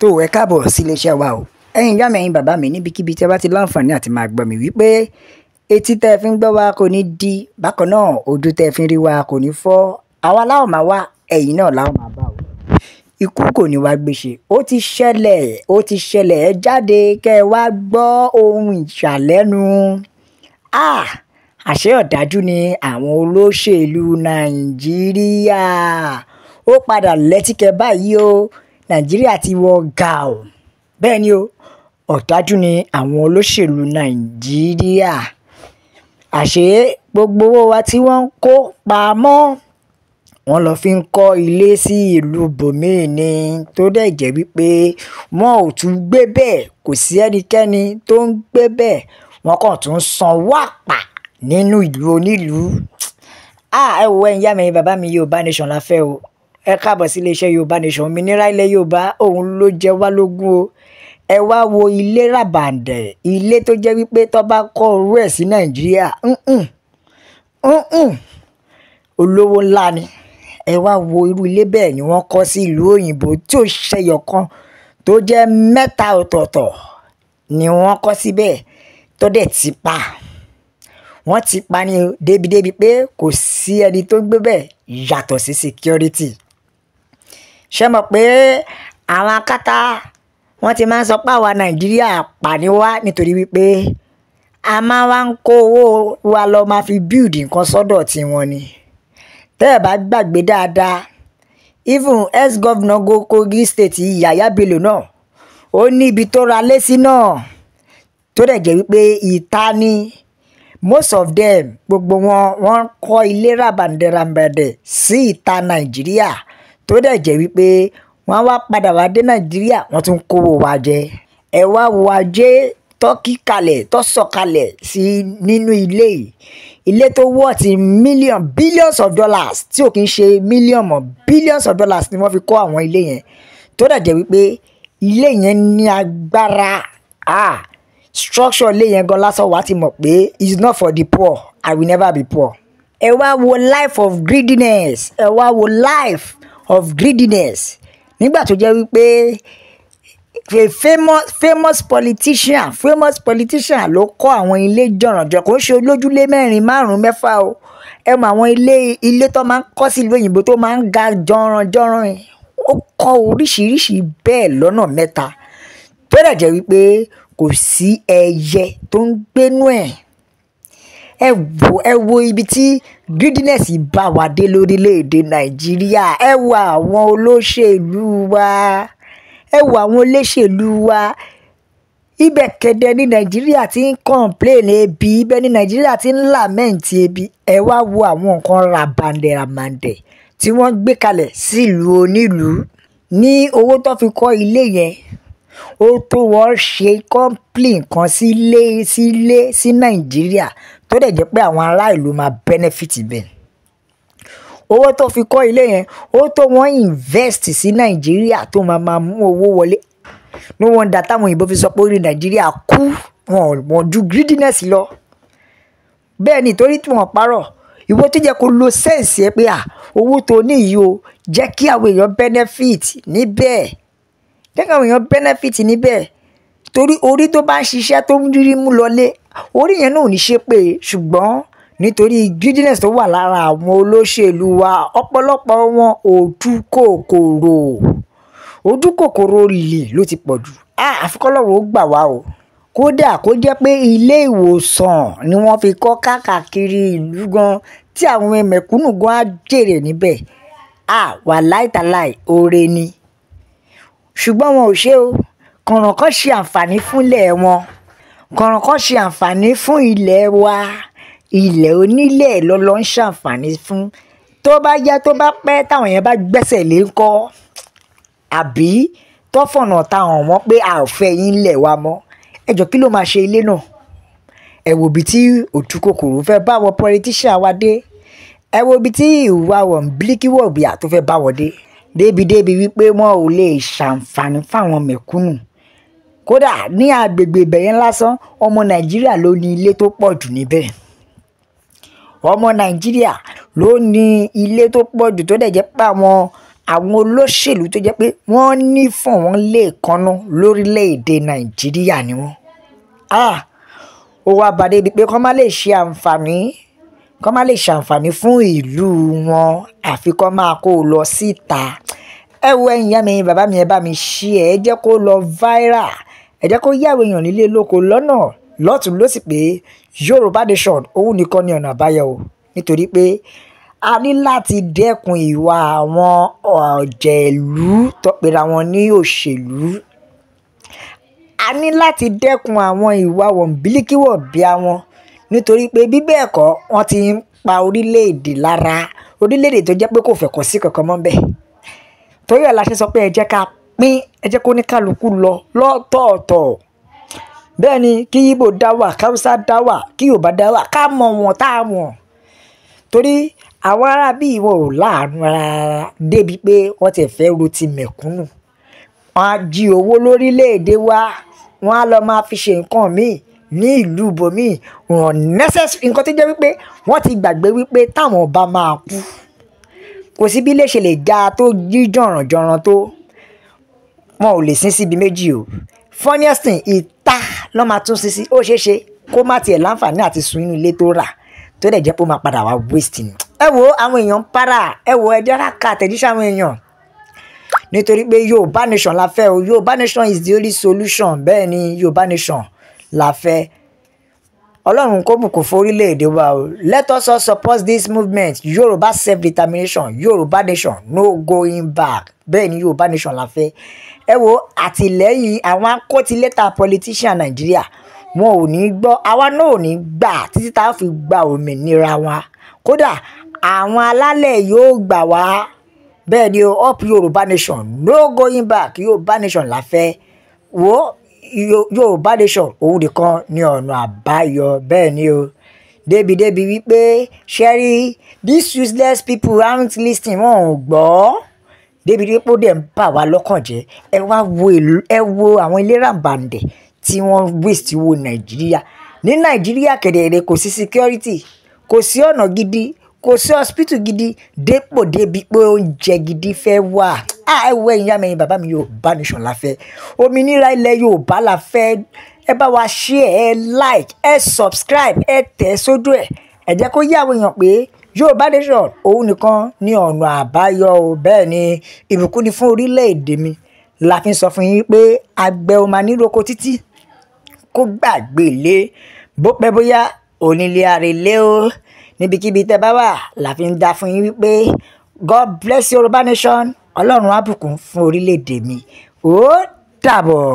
tó ẹ káàbọ̀ sí iléeṣẹ́ wa o ẹ̀yin ìyá mi ẹ̀yin bàbá mi níbikíbi tí ẹ bá ti láǹfààní àti máa gbọ́ mi wípé etí tẹ́ ẹ fi ń gbọ́ wa kò ní di bákan náà ojú tẹ́ ẹ fi ń rí wa kò ní fọ́ àwa láwọn máa wá ẹ̀yin náà láwọn máa bá o ikú kò ní wá gbèsè ó ti ṣẹlẹ̀ ó ti ṣẹlẹ̀ ẹ jáde kẹ́ ẹ wá gbọ́ ohun ìṣàlẹ́nu ah àṣé ọ̀dájú ni àwọn olóṣèlú nàìjíríà ó padà lẹ́tíkẹ́ báyìí o nàìjíríà ti wọ gàù o bẹ́ẹ̀ ni o ọ̀dájú ni àwọn olóṣèlú nàìjíríà àṣé gbogbo owó wa tí wọ́n ń kó pamọ́ wọ́n lọ fi ń kọ́ ilé sí ìlú bòmíì ni tó dẹ̀ jẹ́ wípé wọn ò tún gbé bẹ́ẹ̀ kò sí ẹnikẹ́ni tó ń gbé bẹ́ẹ̀ wọn kàn tún ń sanwó àpà nínú ìlú onílùú ah, ẹ wo ẹ̀yin yá mi bàbá mi Yorùbá nation la fẹ́ o ẹ káàbọ̀ sí iléeṣẹ́ yorùbá nation òmìnira ilẹ̀ yorùbá òun ló jẹ wá lógún o ẹ wá wo ilé ràbàǹdẹ̀ ilé tó jẹ́ wípé tó bá kọ́ orú ẹ̀ sí nàìjíríà olówó ńlá ni ẹ wá wo irú ilé bẹ́ẹ̀ ni wọ́n kọ́ sí ìlú òyìnbó tí ò ṣẹyọ kan tó jẹ́ mẹ́ta ọ̀tọ̀ọ̀tọ̀ ni wọ́n kọ́ síbẹ̀ tó dẹ̀ ti pa wọ́n ti pa ni débidébi pé kò sí ẹni tó ń gbé bẹ́ẹ̀ yàtọ̀ sí security ṣe mọ̀ pé àwọn akátá wọ́n ti máa ń sọ pé àwa nàìjíríà pàní wá nítorí wípé a máa wá ń kó owó wa lọ máa fi build nǹkan sọ́dọ̀ tí wọ́n ni tẹ́ ẹ̀ bá gbàgbé dáadáa even ex-governor Kogi state Yahaya Bello náà ó ní ibi tó ra lé sí náà tó dẹ̀ jẹ́ wípé ìta ni most of them gbogbo wọn wọ́n kọ́ ilé ràbàǹdẹ̀ràbàǹdẹ̀ sí ìta nàìjíríà tó dẹ̀ jẹ́ wípé wọ́n wá padà wá dé nàìjíríà wọ́n tún kówó wa jẹ ẹ wá wo ajé tó kí kalẹ̀ tó sọ kalẹ̀ sí nínú ilé yìí ilé tó wọ́ ti million billions of dollars tí ò kí ń ṣe million mọ̀ billions of dollars ni wọ́n fi kọ́ àwọn ilé yẹn tó dẹ̀ jẹ́ wípé ilé yẹn ní agbára ah structure ilé yẹn gan lásán wàá ti mọ̀ pé it's not for the poor i will never be poor ẹ wá wo life of greediness ẹ wá wo life of greediness nígbà tó jẹ́ wípé a famous famous politician famous politician ló kọ́ àwọn ilé jọ̀rànjọ̀ kò ń ṣe olójúlé mẹ́rin márùn-ún mẹ́fà o ẹ mọ àwọn ilé ilé tó máa ń kọ́ sílùú òyìnbó tó máa ń ga jọ̀rànjọ̀ràn ó kọ́ oríṣiríṣi bẹ́ẹ̀ lọ́nà mẹ́ta tó dẹ̀ jẹ́ wípé kò sí ẹyẹ tó ń gbénú ẹ̀ ẹ wo ẹ wo ibi tí greediness bá wa dé lórílẹ̀‐èdè nàìjíríà ẹ wo àwọn olóṣèlú wa ẹ wo àwọn olóṣèlú wa ibẹ̀ kẹ̀dẹ̀ ní nàìjíríà ti ń kọ̀ǹpléènì ebi ibẹ̀ ní nàìjíríà ti ń làmẹ́ǹtì ebi ẹ wá wo àwọn nǹkan rabandẹ̀ ramandẹ̀ tí wọ́n gbé kalẹ̀ sílùú onílùú ní owó tó fi kọ́ ilé yẹn ó tó wọ́n ṣe kọ́ńpìlì nǹkan sílé sílé sí nàìjíríà tó dẹ̀ jẹ́ pé àwọn ará ìlú máa benefit bẹ́ẹ̀ owó tó fi kọ́ ilé yẹn ó tó wọ́n invest sí nàìjíríà tó máa máa mú owó wọlé no wonder táwọn òyìnbó fi sọ pé orí nàìjíríà kú wọn wọn ju greediness lọ bẹ́ẹ̀ ni torí tí wọ́n parọ́ ìwọ tó jẹ́ kó lo sẹ́ǹsì ẹ pé à owó tó ní yìí o jẹ́ kí àwọn èèyàn benefit níbẹ̀ jẹ́ kí àwọn èèyàn benefit níbẹ̀ torí orí tó bá ń ṣiṣẹ́ tó ń rírí mú lọlé orí yẹn náà ò ní ṣe pé ṣùgbọ́n nítorí greediness tó wà lára àwọn olóṣèlú wa ọ̀pọ̀lọpọ̀ wọn ojú kòkòrò ojú kòkòrò lè ló ti pọ̀ jù àfikọ́lọ́run ó gbà wá o kódà kó jẹ́ pé ilé ìwòsàn ni wọ́n fi kọ́ káàkiri ìlú gan tí àwọn mẹ̀kúnnù gan á jèrè níbẹ̀ à wà láìtàláì oore ni ṣùgbọ́n wọn ò ṣe o kọ̀rọ̀kọ̀ ṣe àǹfààní fúnlẹ̀ wọn kọ̀rọ̀kọ̀ ṣe àǹfààní fún ilẹ̀ wa ilẹ̀ onílẹ̀ lọ́lọ́ ń ṣàǹfààní fún tó bá yá tó bá pẹ́ táwọn yẹn bá gbẹ́sẹ̀ lé ńkọ́ àbí tọ́fọ̀nà táwọn mọ̀ pé a ò fẹ́ yín lẹ̀ wa mọ́ ẹ jọ kí ló máa ṣe ilé náà ẹ wo ibi tí òtú kòkòrò fẹ́ bá wọn pọlitíṣà wa dé ẹ wo ibi tí ìwà wọn bíríkíwọ̀ bíà tó fẹ́ bá wọn dé débi débi wípé wọn ò lè ṣàǹfààní fáwọn mẹ̀kúnnù kódà ní agbègbè ìbẹ̀yẹn lásán ọmọ nàìjíríà ló ní ilé tó pọ̀ jù níbẹ̀ ọmọ nàìjíríà ló ní ilé tó pọ̀ jù tó dẹ̀ jẹ́ pé àwọn àwọn olóṣèlú tó jẹ́ pé wọ́n nífọ̀n wọn lè lórílẹ̀‐èdè nàìjíríà ni wọ́n. ó wá bàdé bíi pé kọ́ má lè ṣe àǹfààní kọ́ má lè ṣe àǹfààní fún ìlú wọn àfi kọ́ máa kó o lọ síta. ẹ wo ẹ̀yin ìyá mi bàbá mi ẹ bá mi ṣí ẹ jẹ́ kó lọ viral ẹ jẹ́ kó yàwó èèyàn nílé lóko lọ́nà lọ́tún ló sì pé Yorùbá nation òun nìkan ni ọ̀nà àbáyọ o nítorí pé a ní láti dẹ́kun ìwà àwọn ọ̀jẹ̀lú tọpẹ̀rẹ̀ àwọn ní òṣèlú a ní láti dẹ́kun àwọn ìwà wọ̀nbílíkíwọ̀ bí àwọn nítorí pé bí bẹ́ẹ̀ kọ́ wọ́n ti ń pa orílẹ̀-èdè lára orílẹ̀-èdè tó jẹ́ pé kò fẹ̀kọ́ sí kankan mọ́ bẹ́ẹ̀ torí ẹ̀ la ṣe sọ pé ẹ jẹ́ ká pín ẹ jẹ́ kó ní kálukú lọ lọ́tọ̀ọ̀tọ̀ bẹ́ẹ̀ ni kí Yíbò dá wà káwúsá dá wà kí Yorùbá dá wà ká mọ̀ wọ́n tá a mọ̀ torí àwọn ará bíi wọn ò láàánú rárá débi pé wọ́n ti fẹ́ ro ti mẹ̀kúnnù wọ́n á jí owó lórílẹ̀‐èdè wa wọ́n á lọ máa fi ṣe nǹkan míì ní ìlú ibòmíì wọ́n necessary nǹkan tó jẹ́ wípé wọ́n ti gbàgbé wípé táwọn ọba máa kú kò sí bí ilé ṣe lè já tó jí jọ̀rànjọ̀ràn tó wọn ò lè sín síbi méjì o funniest thing ìta ló máa tún sín sí ó ṣeé ṣe kó má tiẹ̀ láǹfààní àti sun inú ilé tó rà tó dẹ̀ jẹ́ pé ó máa padà wá waste ni. ẹ wo àwọn èèyàn ń para ẹ wo ẹ dára ka àtẹ̀jíṣẹ́ àwọn èèyàn nítorí pé Yorùbá nation la fẹ́ o Yorùbá nation is the only solution bẹ́ẹ̀ ni Yorùbá nation la fẹ́ ọlọ́run kó bùkún forílẹ̀-èdè wa o let us all support this movement yorùbá self determination yorùbá nation no going back bẹ́ẹ̀ ni yorùbá nation la fẹ́ ẹ wo àtìlẹ́yìn àwọn akótiléta politician nàìjíríà wọn ò ní gbọ́ àwa náà ò ní gbà títí tá a fi gba òmìnira wa kódà àwọn alálẹ̀ yóò gbà wá bẹ́ẹ̀ ni up yorùbá nation no going back yorùbá nation la fẹ́ wo yorùbá nation òun nìkan ni ọ̀nà àbáyọ bẹ́ẹ̀ ni o débìdébì wípé Sherry. these useless people aren't listening wọn ò gbọ́ débìdí pé ó dẹ̀ ń bà wá lọ́kàn jẹ́ ẹ wá wo ẹ wo àwọn ilé ràǹbàǹdẹ̀ tí wọ́n waste wo nàìjíríà ní nàìjíríà kẹ̀dẹ̀ẹ̀dẹ̀ kò sí security kò sí ọ̀nà gidi kò sí hospital gidi dépò débi pé oúnjẹ gidi fẹ́ wà Ah, ẹ wo ẹ̀yin yá mi ẹ̀yin bàbá mi Yorùbá nation la fẹ́ òmìnira ilẹ̀ Yorùbá la fẹ́ ẹ bá wa share ẹ like ẹ subscribe ẹ tẹ̀ sójú ẹ̀ ẹ jẹ́ kó yé àwọn èèyàn pé Yorùbá nation òun nìkan ní ọ̀nà àbáyọ o bẹ́ẹ̀ ni ìbùkún ni fún orílẹ̀-èdè mi la fi sọ fún yín pé àgbẹ̀ ò máa nílò oko títí kó gbàgbé lé bó pẹ́ bóyá onílé àrèlé o níbikíbi tẹ́ bá wà la fi ń dá fún yín wípé God bless Yorùbá nation ọlọ́run á bùkún fún orílẹ̀-èdè mi ó dàbọ̀.